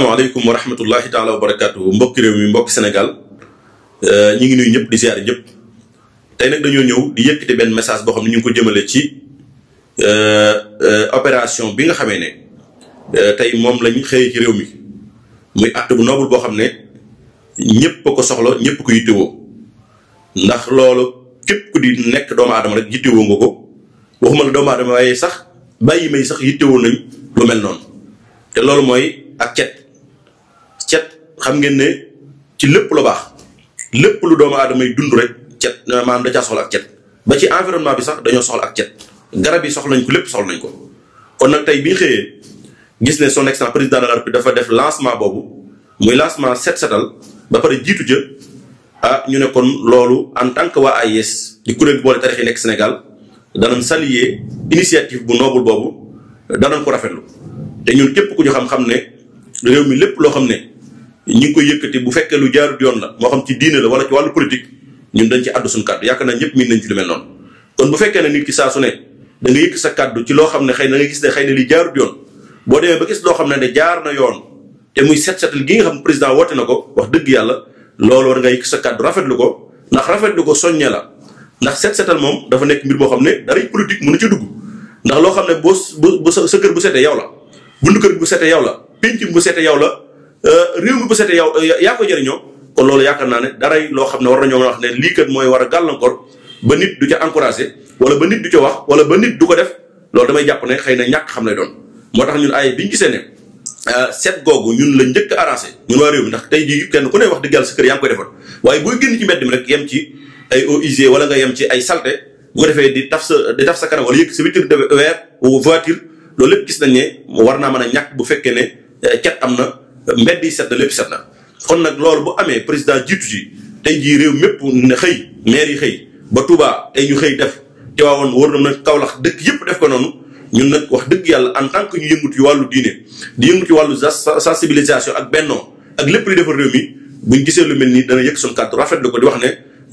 asalaamaaleykum wa rahmatullahi taala wa barakaatu mbokki réew mi mbokki Sénégal euh, ñu ngi nuyu ñëpp di ziare ñëpp tey nag dañoo ñëw di yëkkati benn message boo xam ne ñu ko jëmale ci euh, euh, opération bi nga xamee ne tey moom lañ xëyee ci réew mi muy boo xam ne ñëpp ko soxla ñëpp ko yittewoo ndax loolu képp ku di nekk doomu aadama rek yittewoo nga ko waxuma la doomu aadama waaye sax bàyyi may sax yittewoo nañ lu mel noonu te loolu mooy ak cet xam ngeen ne ci lépp lu baax lépp lu doomu aadama dund rek cet euh, maanaam da caa soxla ak cet ba ci environnement bi sax dañoo soxla ak cet garab yi nañ ko lépp nañ ko kon nag tey bi xëyee gis ne son excellence président de la république dafa def lancement boobu muy lancement set setal ba pare jiitu ja ah ñu ne kon loolu en tant que waa AIS di kuréel boole tarix yi nekk Sénégal danañ saluer initiative bu noble boobu danañ ko rafetlu te ñun képp ku ñu xam-xam ne réew mi lépp loo xam ne ñi ko yëkëti bu fekkee lu jaarut yoon la moo xam ci diine la wala ci wàllu politique ñun dañ ci addu suñu kàddu yaakaar naa ñëpp miin nañ ci lu mel noonu kon bu fekkee ne nit ki saa su ne da nga yëkk sa kàddu ci loo xam ne xëy na nga gis ne xëy na li jaarut yoon boo demee ba gis loo xam ne ne jaar na yoon te muy set setal gi nga xam président woote na ko wax dëgg yàlla loolu war nga yëkk sa kàddu rafetlu ko ndax rafetlu ko soññe la ndax set setal moom dafa nekk mbir boo xam ne dara politique mënu ci dugg ndax loo xam ne boo sa kër bu setee yow la bundu kër bu setee yow la penc bu setee yow la Euh, réew mi bu setee yow euh, yaa ko jëriñoo kon loolu yaakaar naa ne daray loo xam ne war nañoo wax ne lii kat mooy war a gàllankoor ba nit du wala ba nit du ca wax wala ba nit du ko def loolu damay jàpp ne xëy na ñàkk xam lay doon moo tax ñun ay biñu gisee ne euh, set googu ñun la njëkk a arrangé ñun waa tey jii kenn ku ne wax di gàll sa kër yaa ngi koy defar waaye booy génn ci mbedd mi rek yem ci ay eaux usées wala nga yem ci ay salté bu defee di taf sa di taf sa kanam wala yëg sa vitre de verre ou voiture loolu lépp gis nañ ne war naa mën a ñàkk bu fekkee ne cet am na mbedd yi set na lépp set na kon nag loolu bu amee président jiitu ji tey jii réew mépp ne xëy maire yi xëy ba Touba tey ñu xëy def Tiwaawoon wër na nag Kaolack dëkk yëpp def ko noonu ñun nag wax dëgg yàlla en tant que ñu yëngut ci wàllu diine di yëngu ci wàllu sensibilisation ak bennoo ak lépp li defar réew mi buñ gisee lu mel nii dana yëg suñu kàddu rafetlu ko di wax ne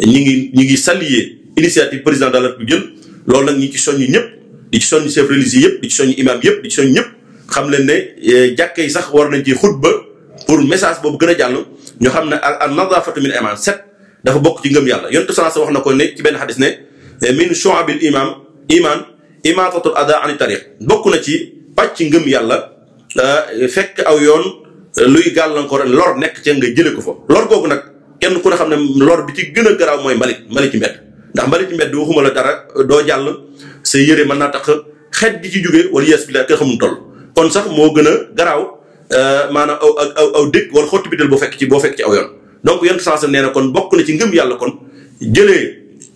ñi ngi ñi ngi saluer initiative président de la République jël loolu nag ñi ci soññ ñëpp di ci soññ yëpp di ci soññ imam yëpp di ci ñëpp xam leen ne eh, jàkka yi sax war nañ ci xutba pour message boobu gën a jàll ñu xam ne al nadafatu min iman set dafa bokk ci ngëm yàlla yonent sa wax na ko ne ci benn xadis ne eh, min shu'abil iman iman imatatul ada ani tariq na ci pàcc ngëm yàlla eh, fekk aw yoon luy gàllankoor lor nekk ca nga jële ko fa lor googu nag kenn ku ne xam ne lor bi ci gën a garaaw mooy mbalit mbalit ci mbedd ndax mbalit ci mbedd waxuma la dara doo jàll sa yëre mën naa tax xet gi ci jóge wala yes bi la kër xamul toll kon sax moo gën a garaaw euh, maanaam aw aw aw dëkk wala xottu bital boo fekk ci boo fekk ci aw donc yenn sens nee na kon bokk na ci ngëm yàlla kon jëlee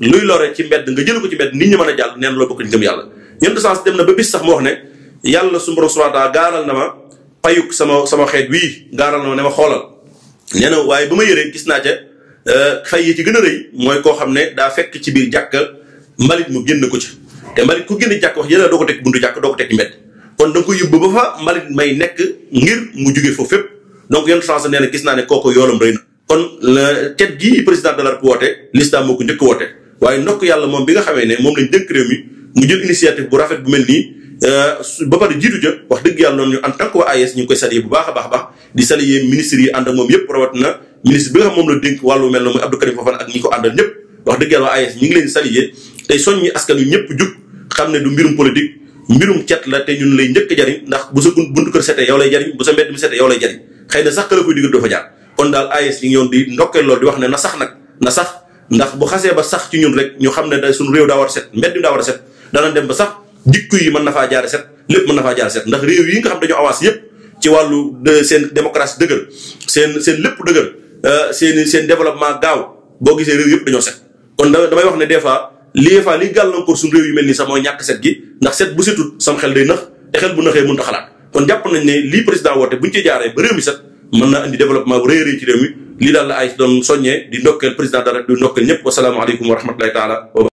luy lore ci mbedd nga jële ko ci mbedd nit ñi mën a jàll nee na loo bokk ci ngëm yàlla yenn sens dem na ba bis sax mu wax ne yàlla su borom subhanahu wa gaaral na ma payuk sama sama xeet wii gaaral na ma ne ma xoolal nee na waaye ba ma yëree gis naa ca euh, fay yi ci gën a rëy mooy koo xam ne daa fekk ci biir jàkka mbalit mu génn ko ci te mbalit ku génn jàkk wax yéen doo ko teg jàkk doo ko teg kon dang ko yóbbu ba fa malik may nek ngir mu joge fo fep donc yenn chance neena gis na ne koko yolam reyna kon le tet gi president de la république wote l'islam moo ko njëkk wote waaye ndokk yàlla moom bi nga xamé ne mom lañ dekk rew mi mu jël initiative bu rafet bu melni euh ba par jiitu ja wax deug yalla non ñu en tant que waa ñu koy salier bu baaxa baax baax di salier ministre yi and ak mom yépp rawat na ministre bi nga xam moom la dénk walu mel mu Abdou Karim Fofana ak ñi ko àndal ñëpp wax deug yalla waa ñi ngi leen saliyee tey soññi askan wi ñëpp jug xam du mbirum politique mbirum cet la te ñun lay njëkk jariñ ndax bu sa buntu kër setee yow lay jariñ bu sa mbedd mi setee yow lay jariñ xëy na sax ka la koy digal doo fa jaar kon daal AES ñi ba sax ci ñun rek ñu xam ne da suñu réew daa war a set mbedd mi daa war a set dana dem ba sax jikko yi mën na faa jaare set lépp mën na faa jaare set ndax réew yi nga xam dañoo avancé yépp ci wàllu seen démocratie dëgër seen seen lépp dëgër euh, seen seen gaaw boo gisee réew yëpp dañoo set kon damay wax ne des fois lii fa li gàllankoor suñu réew yu mel nii sax mooy ñàkk set gi ndax set bu setut sam xel day nax te xel bu naxee mënut a xalaat kon jàpp nañ ne lii président woote buñ ci jaaree ba réew mi set mën naa indi développement bu rëy a rëy ci réew mi lii daal la ay doon soññee di ndokkeel président dara di ndokkeel ñëpp wasalaamaaleykum wa rahmatulahi taala